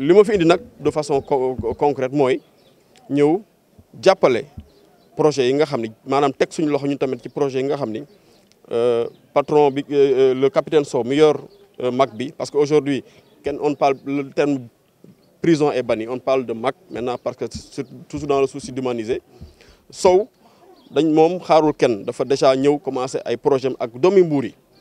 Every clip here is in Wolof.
Ce que fi indi de façon concrète c'est ñëw jàppale projet yi nga xam ni maanaam teg suñu loxo ñun tamit projet yi euh, patron euh, euh, le capitaine Sow meilleur MAC parce qu'aujourd'hui, on parle le terme prison est banni on parle de MAC maintenant parce que toujours dans le souci d'humaniser Sow dañ avons xaarul kenn dafa déjà commencé commencer ay projet ak doomi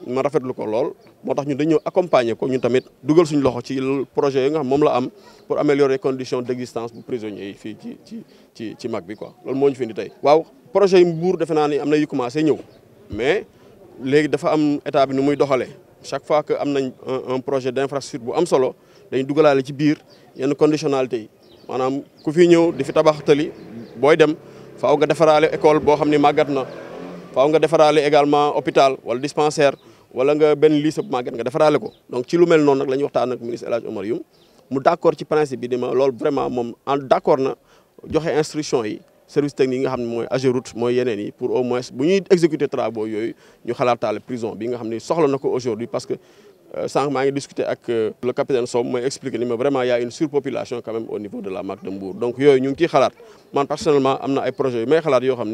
ma rafetlu ko lool motax tax ñun dañu ñëw accompagner ko ñun tamit duggal suñu loxo ci projet yi nga xam moom la am pour améliorer les conditions d'existence bu prisonniers yi ci ci ci ci mag bi quoi loolu moo fi indi tay waaw projet yi Mbour defe ni am na yu commencé ñëw mais légui dafa am état bi nu muy doxalee chaque fois que am nañ un projet d'infrastructure bu am solo dañu duggalale ci biir yenn conditionnalité yi maanaam ku fi ñëw di fi tabax tali boy dem faaw nga defaraale école bo xamni ni na faaw nga defaraale également hôpital wala dispensaire wala nga benn lycée bu nga defaraale ko donc ci lu mel non nak lañu waxtaan ak ministre El Hadj Omar Youm mu d'accord ci principe bi di ma vraiment mom en d' na joxe instruction yi service technique nga xam moy mooy route moy yenen yi pour au moins bu ñuy exécuter travaux yoy ñu xalaataale prison bi nga xam soxla nako aujourd'hui parce que euh, sànq ma ngi discuter ak euh, le capitaine Sow moy expliquer ni ma vraiment y a une surpopulation quand même au niveau de la MAC de Mbour donc yoy ñu ngi ciy xalaat man personnellement amna ay projets yu may xalaat yoo xam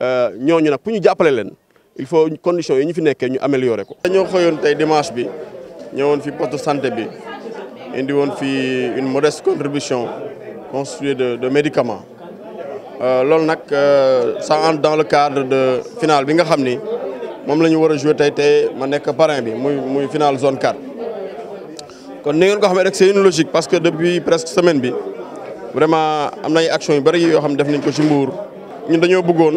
Euh, ñoñu nak pour jappalé len il faut condition yi ñu fi nekkee ñu améliorer ko. dañu xëyoon tay dimanche bi ñëwoon fi poste de santé bi indi won fi une modeste contribution constituée de de médicaments euh, loolu nag euh, ça entre dans le cadre de finale bi nga xamni mom lañu wara jouer tay tay ma nekk parrain bi muy muy finale zone 4. kon ni ngeen ko xamé rek c'est une logique parce que depuis presque semaine bi vraiment amna ay action yu bari yo xam def nañ ko ci Mbour ñun dañoo bëggoon.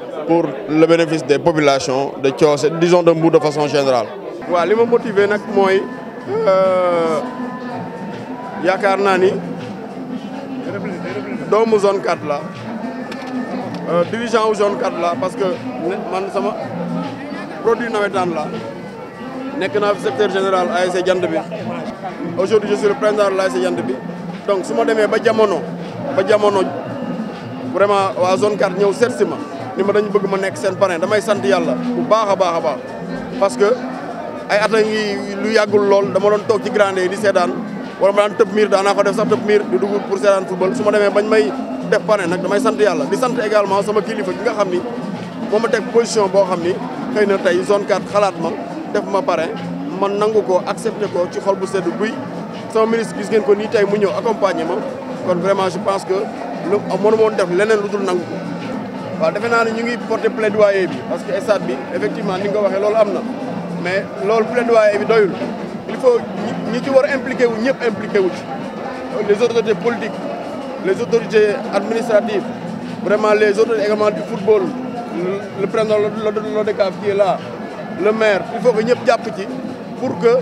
pour le bénéfice des populations de Thios, disons de Mbour de façon générale. Ce li ma motivé nag mooy euh, yaakaar naa ni doomu zone 4 euh, dirigeant au zone 4 là, parce que man sama produit nawetaan là. nekk naa fi secteur général ASC Jant aujourd'hui je suis le président de l'ASC Jant donc si je demee ba jamono ba jamono vraiment waa zone 4 ñëw seet si ma ni ma dañu bëgg ma nekk seen parrain damay sant yàlla bu baax a baax a baax parce que ay at a ngi lu yàggul lool dama doon toog ci grande yi di seetaan wala ma daan tëb miir daanaa ko def sax tëb miir di dugg pour seetaan football su ma demee bañ may def parrain nag damay sant yàlla di sant également sama kilifa gi nga xam ni moo ma teg position boo xam ni xëy na tey zone 4 xalaat ma def ma parrain man nangu ko accepté ko ci xol bu sedd buy sama ministre gis ngeen ko nii tey mu ñëw accompagner ma kon vraiment je pense que lu mënu def leneen lu dul Nous devons porter plaidoyer parce que stade effectivement nous nga fait, waxee mais loolu plaidoyer il faut ñi ci impliquer les autorités politiques les autorités administratives vraiment les autorités également du football le président qui est là le maire il faut que nous japp pour que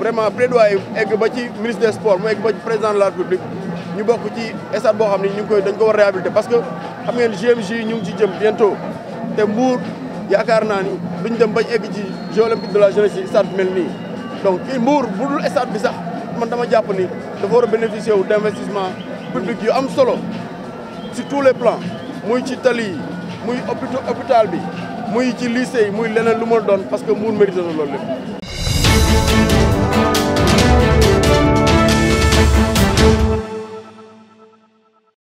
vraiment plaidoyer avec le ministre des sports avec le président de la république nous puissions ci stade nous réhabiliter parce que xam ngeen GMJ ñu ngi ci jëm bientôt te Mbour yaakaar naa ni duñ dem bañ egg ci Jeux olympiques de la jeunesse yi stade bi mel nii donc fii Mbour bu bi sax man dama jàpp ni dafa war a wu d' investissement public yu am solo sur tous les plans muy ci tali yi muy hôpital bi muy ci lycée yi muy leneen lu ma doon parce que Mbour mérite na loolu lépp